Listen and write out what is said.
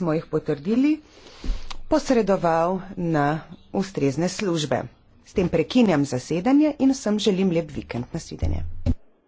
smo jih potrdili, posredoval na ustrezne službe. S tem prekinjam zasedanje in vsem želim lep vikend. Nasvidenje.